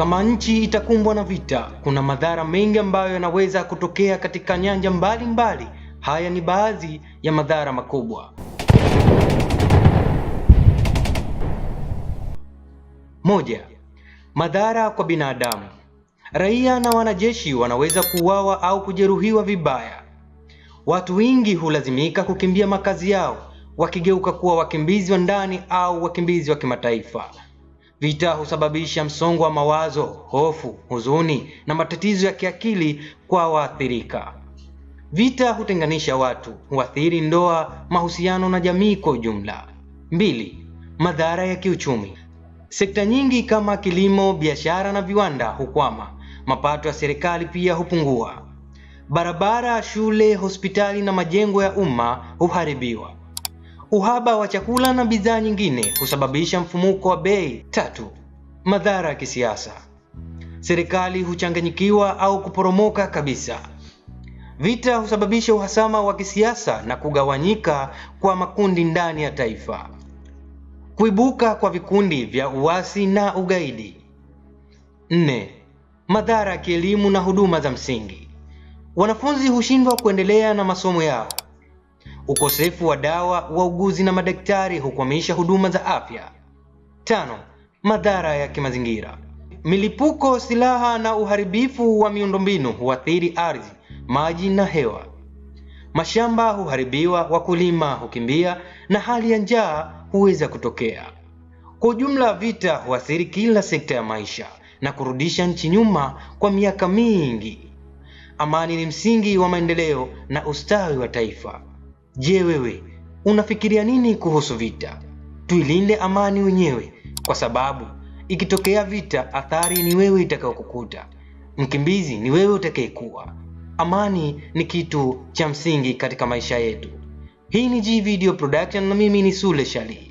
Kama nchi itakumbwa na vita, kuna madhara mengi ambayo yanaweza kutokea katika nyanja mbalimbali mbali. Haya ni baadhi ya madhara makubwa. Moja, madhara kwa binadamu. Raia na wanajeshi wanaweza kuuawa au kujeruhiwa vibaya. Watu wengi hulazimika kukimbia makazi yao, wakigeuka kuwa wakimbizi wa ndani au wakimbizi wa kimataifa. Vita husababisha msongo wa mawazo, hofu, huzuni na matatizo ya kiakili kwa waathirika. Vita hutenganisha watu, huathiri ndoa, mahusiano na jamii kwa ujumla. Mbili, madhara ya kiuchumi. Sekta nyingi kama kilimo, biashara na viwanda hukwama. Mapato ya serikali pia hupungua. Barabara, shule, hospitali na majengo ya umma huharibiwa uhaba wa chakula na bidhaa nyingine husababisha mfumuko wa bei. Tatu, madhara ya kisiasa. Serikali huchanganyikiwa au kuporomoka kabisa. Vita husababisha uhasama wa kisiasa na kugawanyika kwa makundi ndani ya taifa. Kuibuka kwa vikundi vya uasi na ugaidi. Nne, madhara ya kielimu na huduma za msingi. Wanafunzi hushindwa kuendelea na masomo yao ukosefu wa dawa, wauguzi na madaktari hukwamisha huduma za afya. Tano, madhara ya kimazingira. Milipuko, silaha na uharibifu wa miundombinu huathiri ardhi, maji na hewa. Mashamba huharibiwa, wakulima hukimbia na hali ya njaa huweza kutokea. Kwa ujumla, vita huathiri kila sekta ya maisha na kurudisha nchi nyuma kwa miaka mingi. Amani ni msingi wa maendeleo na ustawi wa taifa. Je, wewe unafikiria nini kuhusu vita? Tuilinde amani wenyewe, kwa sababu ikitokea vita, athari ni wewe itakayokukuta. Mkimbizi ni wewe utakayekuwa. Amani ni kitu cha msingi katika maisha yetu. Hii ni G Video Production na mimi ni Sule Shalii.